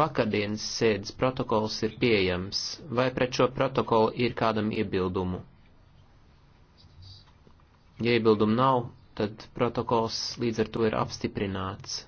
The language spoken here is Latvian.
Vakardienas sēdes protokols ir pieejams. Vai pret šo protokolu ir kādam iebildumu? Ja iebildumu nav, tad protokols līdz ar to ir apstiprināts.